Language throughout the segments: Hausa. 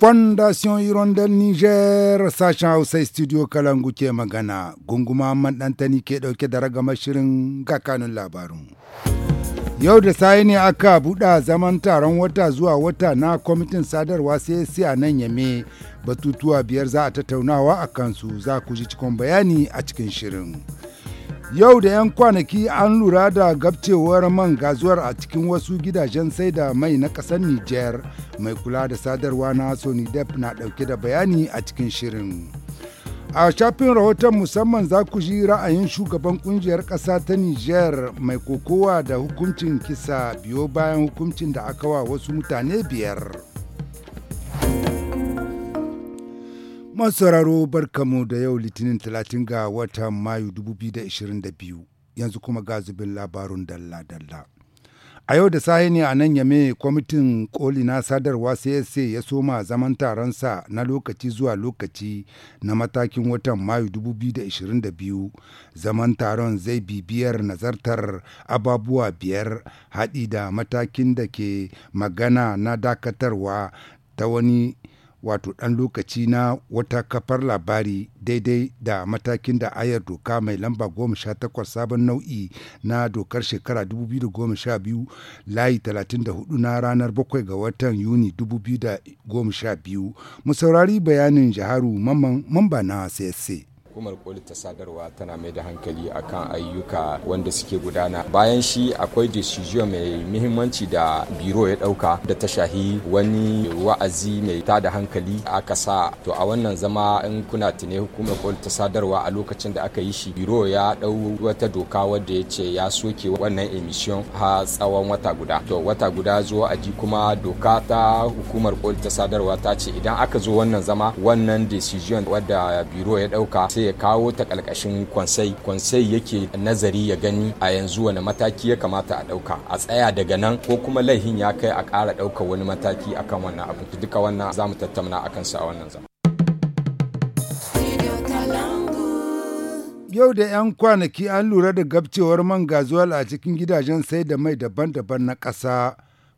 fondation hirondel niger sashen hausa studio kalangu ke magana gunguma ɗantani ke ɗauke da ragamar shirin kakanun labarun yau da sayi ne aka buɗa zaman taron wata zuwa wata na kwamitin sadarwa sai a nan yame batutuwa biyar za a tattaunawa a kansu za ku ji cikin bayani a cikin shirin Yau da 'yan kwanaki an lura da gabcewar man gazuwar a cikin wasu gidajen sai da mai na ƙasar Nijar mai kula da sadarwa na Sonidep na ɗauke da bayani a cikin shirin. A shafin rahoton musamman za ku ji ra'ayin shugaban kungiyar ƙasa ta Nijar mai kokowa da hukuncin kisa biyo bayan hukuncin da aka wa wasu mutane biyar. masauraro barkamu da yau litinin 30 ga watan mayu 2022 yanzu kuma ga zubin labarun dalla-dalla. A yau da sahi ne a nan yame kwamitin koli na sadarwa sai ya soma zaman taronsa na lokaci zuwa lokaci na matakin watan Mayu 2022. Zaman taron zai bibiyar nazartar ababuwa biyar haɗi da matakin da ke magana na dakatarwa ta wani wato ɗan lokaci na wata kafar labari daidai da matakin da ayar doka mai lamba 18 sabon nau'i na dokar shekara 2012 layi 34 na ranar 7 ga watan yuni 2012 mu saurari bayanin jaharu mamba na csa hukumar koli ta sadarwa tana mai da hankali a akan ayyuka wanda suke gudana bayan shi akwai decision mai muhimmanci da biro ya ɗauka da ta shahi wani wa'azi mai ta da hankali aka sa to a wannan zama in kuna tune hukumar koli sadarwa a lokacin da aka yi shi biro ya dau wata doka wadda ya ce ya soke wannan emission ha tsawon wata guda to wata guda zo a ji kuma doka ta hukumar koli ta sadarwa ta ce idan aka zo wannan zama wannan decision wadda biro ya ɗauka. sai ya kawo ta ƙarƙashin kwansai kwansai yake nazari ya gani a yanzu wani mataki ya kamata a ɗauka a tsaya daga nan ko kuma laihin ya kai a ƙara ɗaukar wani mataki akan wannan abu duka wannan za mu tattauna akan su a wannan zama. yau da 'yan kwanaki an lura da gabcewar man gazuwal a cikin gidajen sai da mai daban-daban na ƙasa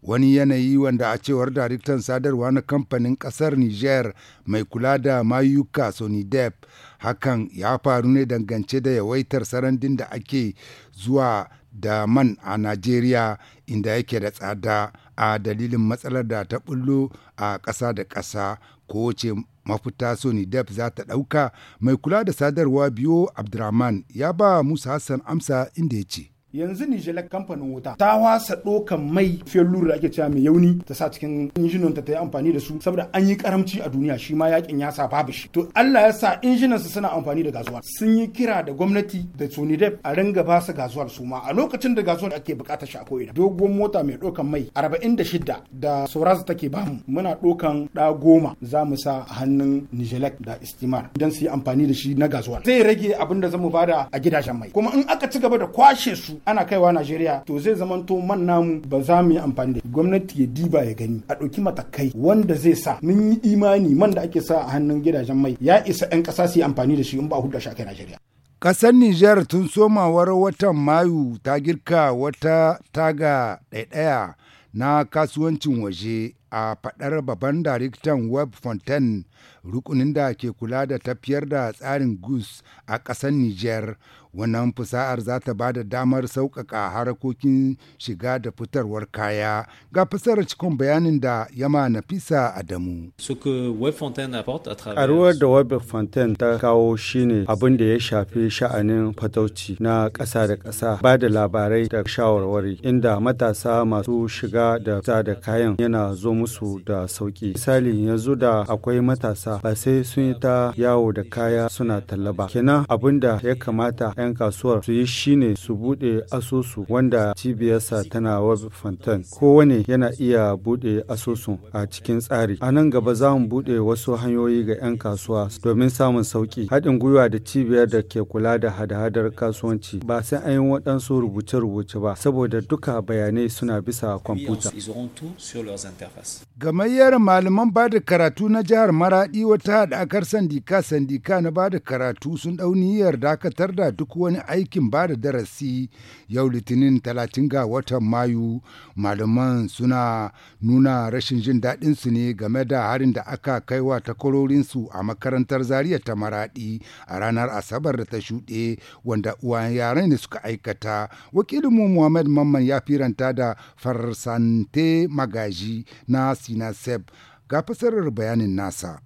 wani yanayi wanda a cewar daraktan sadarwa na kamfanin kasar niger mai kula da mayuka dep hakan ya faru ne dangance da yawaitar sarandin da ake zuwa da man a najeriya inda yake da tsada a dalilin matsalar da ta bullo a ƙasa da ƙasa ko ce mafita sony dep za ta ɗauka mai kula da sadarwa biyo abdurrahman ya ba musa hassan amsa inda ya ce yanzu Nijela kamfanin wuta ta wasa ɗokan mai fiyar lura ake cewa mai yauni ta sa cikin injinan ta yi amfani da su saboda an yi karamci a duniya shi ma yakin ya sa babu shi to Allah ya sa injinan suna amfani da gasuwa sun yi kira da gwamnati da Sonidep a ringa ba su suma su ma a lokacin da gasuwar ake bukatar shi a ko'ina Dogon mota mai ɗokan mai 46 da Soraz take bamu muna ɗokan ɗa goma za mu sa a hannun Nijelek da Istimar don su yi amfani da shi na gazuwar zai rage abin da zamu bada a gidajen mai kuma in aka ci gaba da kwashe su ana kaiwa Najeriya to zai zamanto man namu ba za mu yi amfani da gwamnati ya diba ya gani a ɗauki matakai wanda zai sa mun yi imani man da ake sa a hannun gidajen mai ya isa 'yan ƙasa su yi amfani da shi in ba hudu shi a kai Najeriya. Ƙasar Nijar tun somawar watan Mayu ta girka wata taga ɗaiɗaya na kasuwancin waje a faɗar babban daraktan Web Fontaine rukunin da ke kula da tafiyar da tsarin Goose a ƙasar Nijar Wannan fusa'ar za ta ba da damar sauƙaƙa harakokin shiga da fitarwar kaya ga fasarar cikin bayanin da ya yama fisa Adamu. ƙaruwar da Web Fontaine ta kawo shine abin da ya shafi sha'anin fatauci na ƙasa da ƙasa ba da labarai da shawarwari inda matasa masu shiga da fita da kayan yana zo musu da sauƙi. Misali yanzu da akwai matasa ba sai sun yi ta yawo da kaya suna tallaba, ba. Kenan abin da ya kamata 'yan kasuwar su yi shine su bude asusu wanda cibiyarsa tana web fontan kowane yana iya bude asusun a cikin tsari a nan gaba za mu buɗe wasu hanyoyi ga 'yan kasuwa domin samun sauki haɗin gwiwa da cibiyar da ke kula da hada-hadar kasuwanci ba sai an yi waɗansu rubuce-rubuce ba saboda duka bayanai suna bisa kwamfuta gamayyar malaman ba da karatu na jihar maraɗi wata haɗakar sandika sandika na ba da karatu sun ɗauniyar dakatar da duk ɗauki wani aikin ba da darasi yau litinin talatin ga watan mayu malaman suna nuna rashin jin daɗinsu ne game da harin da aka kaiwa takwarorinsu a makarantar zariya ta maraɗi a ranar asabar da ta shuɗe wanda uwayen yaran ne suka aikata wakilinmu muhammad mamman ya firanta da farsante magaji na sinaseb ga fasarar bayanin nasa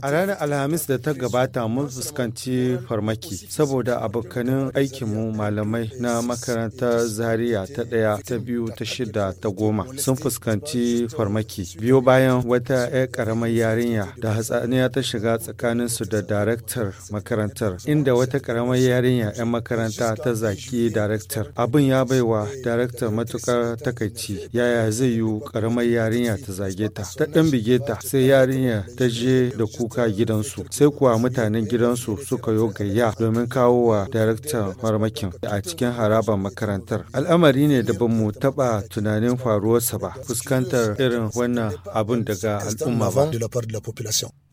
A ranar Alhamis da ta gabata mun fuskanci farmaki saboda abokanin aikinmu malamai na makarantar Zaria ta ɗaya ta biyu ta shida ta goma sun fuskanci farmaki biyo bayan wata 'yar karamar yarinya da hatsaniya ta shiga tsakaninsu da daraktar makarantar inda wata ƙaramar yarinya 'yan makaranta ta zaki daraktar abin ya baiwa daraktar matukar takaici yaya zai yiwu ƙaramar yarinya ta zage ta ta ɗan bige ta sai yarinya ta ta da kuka gidansu sai kuwa mutanen gidansu suka yo gayya domin kawo wa daraktan farmakin a cikin harabar makarantar al'amari ne da ba mu taba tunanin faruwarsa ba fuskantar irin wannan abun daga al'umma ba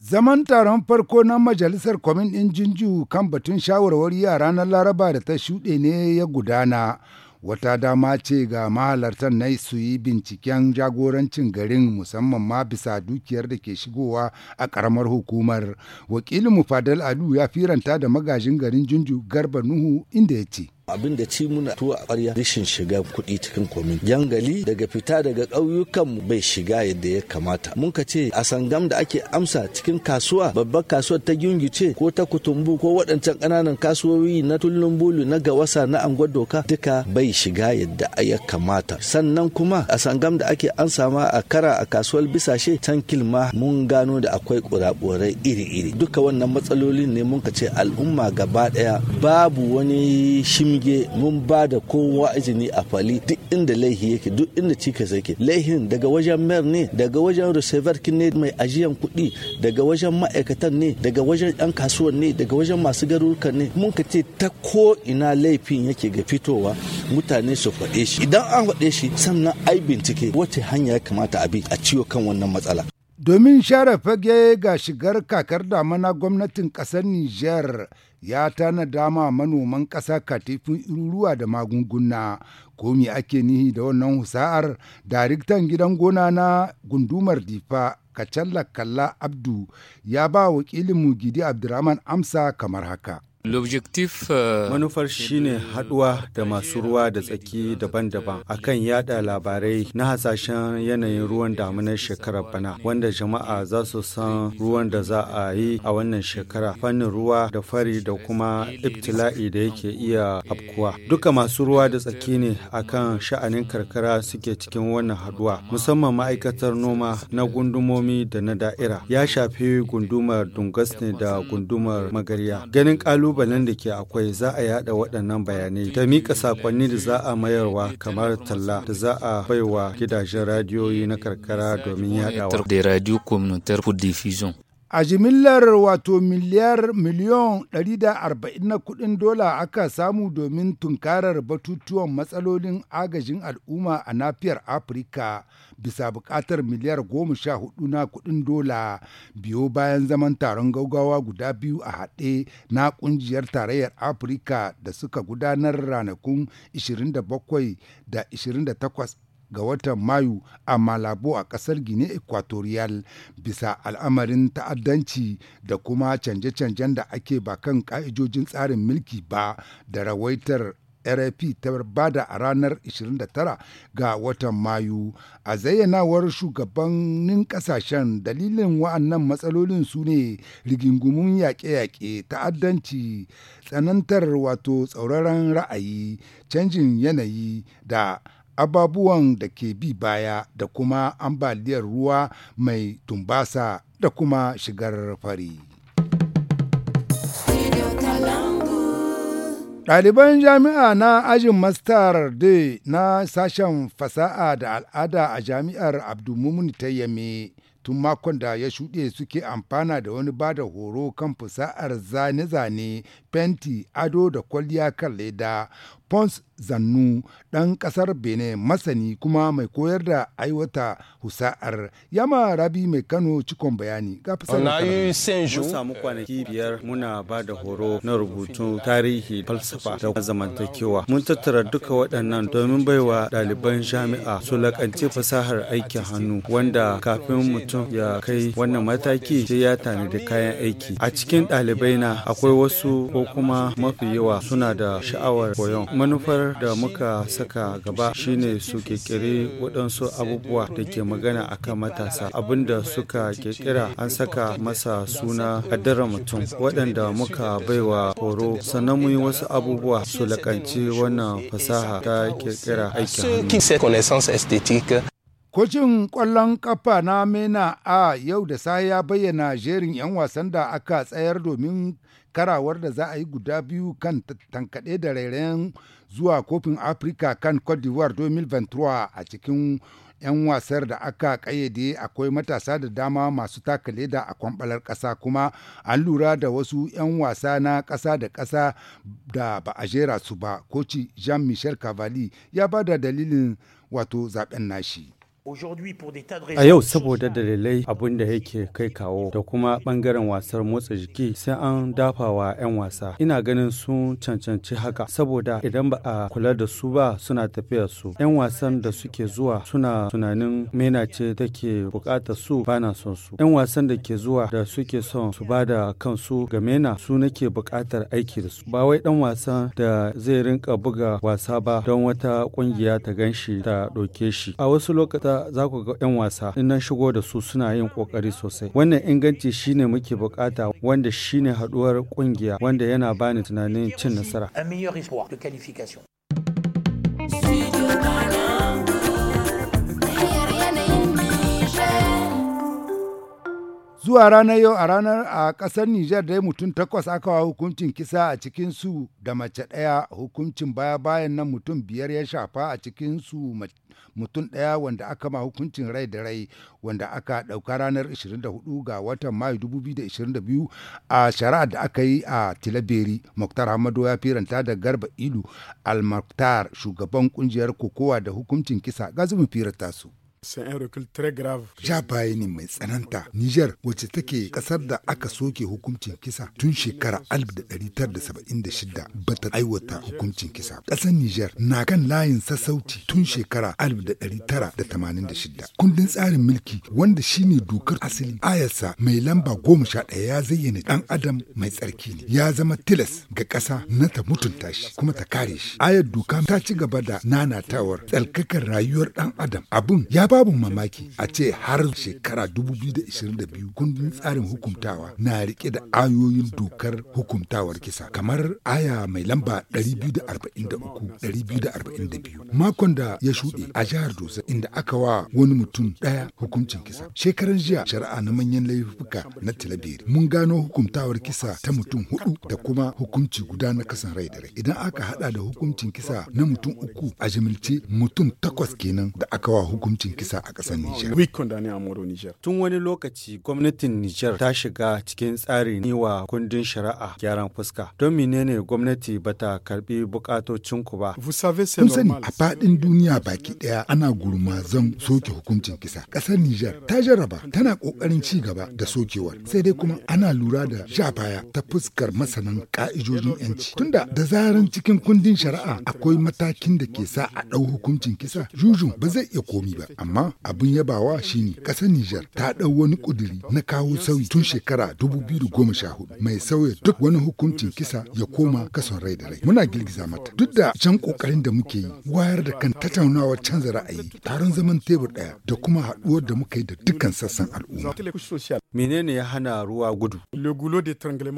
Zaman taron farko na Majalisar Kwamin ɗin kan batun shawarwari a ranar Laraba da ta shuɗe ne ya gudana. wata dama ce ga mahalartan na su yi binciken jagorancin garin musamman ma bisa dukiyar da ke shigowa a karamar hukumar wakilin mufadal alu ya firanta da magajin garin junju garba nuhu inda ya ce abin da ci muna tuwa a ƙarya rashin shiga kuɗi cikin komin jangali daga fita daga ƙauyukan bai shiga yadda ya kamata mun ka ce a sangam da ake amsa cikin kasuwa babbar kasuwar ta gingice? ko ta kutumbu ko waɗancan ƙananan kasuwoyi na tullun bulu na gawasa na angwa doka duka bai shiga yadda ya kamata sannan kuma a sangam da ake amsa ma a kara a kasuwar bisashe can kilma mun gano da akwai kurakurai iri-iri duka wannan matsalolin ne mun ka ce al'umma gaba ɗaya babu wani shimgi fage mun ba da kowa izini a fali duk inda laihi yake duk inda cikas yake laihin daga wajen mayor ne daga wajen receiver ne mai ajiyan kuɗi daga wajen ma'aikatan ne daga wajen yan kasuwan ne daga wajen masu garuruka ne mun ka ce ta ko ina laifin yake ga fitowa mutane su faɗe shi idan an faɗe shi sannan ai bincike wace hanya ya kamata a bi a ciwo kan wannan matsala Domin share fage ga shigar kakar damana gwamnatin ƙasar Nijar ya tana dama manoman ƙasa katifin iruruwa da magunguna. komi ake nihi da wannan husa'ar? Daraktan gidan gona na gundumar Difa, Kacalla Kalla Abdu, ya ba wakilinmu Gidi Abdurrahman amsa kamar haka. L'objectif euh, manufar shine haduwa da masu ruwa da tsaki daban-daban akan yada labarai na hasashen yanayin ruwan damunar shekarar bana wanda jama'a za su san ruwan da za a yi a wannan shekara fannin ruwa da fari da kuma ibtila'i da yake iya afkuwa. Duka masu ruwa da tsaki ne akan sha'anin karkara suke cikin wannan haɗuwa, musamman ma'aikatar noma na gundumomi da na da'ira ya shafi gundumar dungasne da gundumar Magarya. Ganin kalu kalubalen da ke akwai za a yada waɗannan bayanai ta mika sakonni da za a mayarwa kamar talla da za a baiwa gidajen radiyoyi na karkara domin yadawa. A jimillar wato miliyar miliyon 140 na kuɗin dola aka samu domin tunkarar batutuwan matsalolin agajin al'umma a nafiyar Afirka bisa buƙatar miliyar 14 na kuɗin dola biyo bayan zaman taron gaugawa guda biyu a haɗe na ƙungiyar tarayyar Afirka da suka gudanar ranakun 27 da 28 ga watan Mayu a Malabo a ƙasar Gine Equatorial bisa al'amarin ta'addanci da kuma canje-canjen da ake ba kan ƙa'idojin tsarin milki ba da rawaitar rfp ta bada a ranar 29 ga watan mayu a zayyanawar shugabannin kasashen dalilin wa'annan matsalolin su ne rigingumin yaƙe-yaƙe ta'addanci tsanantar wato tsauraran ra'ayi canjin yanayi da ababuwan da ke bi baya da kuma ambaliyar ruwa mai tumbasa da kuma shigar fari. Ɗaliban jami'a na ajin Mastar da na sashen fasaha da al'ada a jami'ar Abdulmumin Tayyame tun makon da ya shuɗe suke amfana da wani bada horo kan fasa'ar zane-zane fenti ado da kwalliya kan leda pons zannu ɗan ƙasar benin masani kuma mai koyar da aiwata husa'ar yama rabi mai kano cikon bayani ga mun samu kwanaki biyar muna ba da horo na rubutu tarihi falsafa da zamantakewa mun tattara duka waɗannan domin baiwa ɗaliban jami'a su lakanci fasahar aikin hannu wanda kafin mutum ya kai wannan mataki sai ya tanadi kayan aiki a cikin ɗalibai na akwai wasu ko kuma mafi yawa suna da sha'awar koyon manufar da muka saka gaba shine su kekere waɗansu abubuwa da ke magana akan matasa abinda suka ƙirƙira an saka masa suna kaddara mutum waɗanda muka baiwa horo sannan mu wasu abubuwa su laƙanci wannan fasaha ta kirkira aikin hannu Kocin ƙwallon kafa na Mena a yau da sa ya bayyana jerin 'yan wasan da aka tsayar domin karawar da za a yi guda biyu kan tankaɗe da rairayen zuwa kofin afirka kan cote d'ivoire 2023 a cikin 'yan wasar da aka kayyade akwai matasa da dama masu taka leda a kwambalar ƙasa kuma an lura da wasu 'yan wasa na ƙasa da ƙasa da ba a jera su ba koci jean-michel cavalli ya ba da dalilin wato zaben nashi. A yau saboda dalilai abin da yake kai kawo da kuma ɓangaren wasar motsa jiki sai an dafa wa 'yan wasa. Ina ganin sun cancanci haka saboda idan ba a kula da su ba suna tafiya su. 'Yan wasan da suke zuwa suna tunanin mena ce take bukatar su bana son su. 'Yan wasan da ke zuwa da suke son su ba da kansu ga mena su nake bukatar aiki da su. Ba wai ɗan wasan da zai rinka buga wasa ba don wata ƙungiya ta ganshi ta ɗauke shi. A wasu lokuta za ku ga 'yan wasa in nan shigo da su suna yin kokari sosai wannan inganci shine muke bukata wanda shine haduwar kungiya wanda yana bani tunanin cin nasara Zuwa ranar yau a ranar a ƙasar Nijar dai mutum takwas aka wa hukuncin kisa a cikinsu da mace ɗaya hukuncin baya bayan nan mutum biyar ya shafa a cikinsu mutum ɗaya wanda aka ma hukuncin rai da rai wanda aka ɗauka ranar 24 ga watan Mayu 2022 a shari'ar da aka yi a Tilaberi. Muktar Hamado ya firanta da Garba Ilu al shugaban kungiyar kokowa da hukuncin kisa ga firanta su. Ja baya ne mai tsananta Nijar wacce take kasar da aka soke hukuncin kisa tun shekara 1976 bata aiwata hukuncin kisa. Ƙasar Nijar na kan layin sassauci tun shekara 1986. Kundin tsarin mulki wanda shine dokar asali ayarsa mai lamba goma sha ɗaya ya zayyana ɗan adam mai tsarki ne ya zama tilas ga ƙasa na ta mutunta shi kuma ta kare shi. Ayar doka ta ci gaba da nanatawar tsalkakar rayuwar ɗan adam abun ya babu mamaki a ce har shekara 2022 kundin tsarin hukumtawa na rike da ayoyin dokar hukumtawar kisa kamar aya mai lamba 243-242 makon da ya shuɗe a jihar Dosa inda aka wa wani mutum ɗaya hukuncin kisa. Shekaran jiya shari'a na manyan laifuka na talabiri mun gano hukumtawar kisa ta mutum hudu da kuma hukunci guda na kasan rai da rai. Idan aka hada da hukuncin kisa na mutum uku a jimilce mutum takwas kenan da aka wa hukuncin kisa. kisa a ƙasar Nijar. Tun wani lokaci gwamnatin Nijar ta shiga cikin tsari ne wa kundin shari'a gyaran fuska. Don menene gwamnati bata karbi bukatocin ku ba? Kun sani a faɗin duniya baki ɗaya ana gurmazan soke hukuncin kisa. Ƙasar Nijar ta jarraba tana ƙoƙarin ci gaba da sokewar. Sai dai kuma ana lura da shafaya ta fuskar masanan ka'idojin 'yanci. Tunda da zaran cikin kundin shari'a akwai matakin da ke sa a ɗau hukuncin kisa, jujun ba zai iya komi ba. Amma amma abin yabawa shine ƙasar Nijar ta ɗau wani ƙuduri na kawo sauyi tun shekara 2014 mai sauya duk wani hukuncin kisa ya koma kason rai da rai. Muna girgiza mata duk da can ƙoƙarin da muke yi wayar da kan tattaunawar canza ra'ayi taron zaman tebur ɗaya da kuma haɗuwar da muka yi da dukkan sassan al'umma. Menene ya hana ruwa gudu?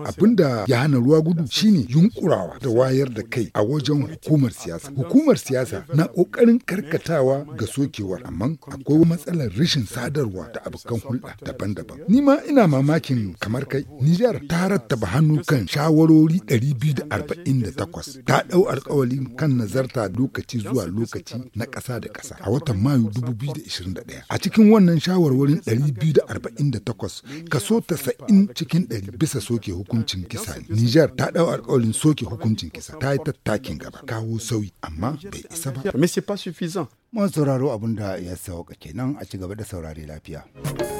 Abin da ya hana ruwa gudu shine yunkurawa da wayar da kai a wajen hukumar siyasa. Hukumar siyasa na ƙoƙarin karkatawa ga sokewar amma akwai matsalar rashin sadarwa da abokan hulɗa daban-daban. Ni ma ina mamakin kamar kai, Nijar ta rattaba hannu kan shawarori 248 ta ɗau alkawalin kan nazarta lokaci zuwa lokaci na ƙasa da ƙasa a watan Mayu 2021. A cikin wannan shawarwarin 248 kaso 90 cikin 100 bisa soke hukuncin kisa ne. Nijar ta ɗau alkawalin soke hukuncin kisa ta yi tattakin gaba kawo sauyi amma bai isa ba. masu sauraro abin da ya sauka kenan a ci gaba da saurare lafiya.